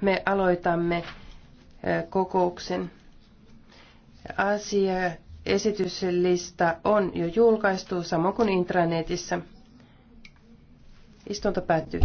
me aloitamme kokouksen. Asia esityslista on jo julkaistu, samoin kuin intranetissä. Istunto päättyy.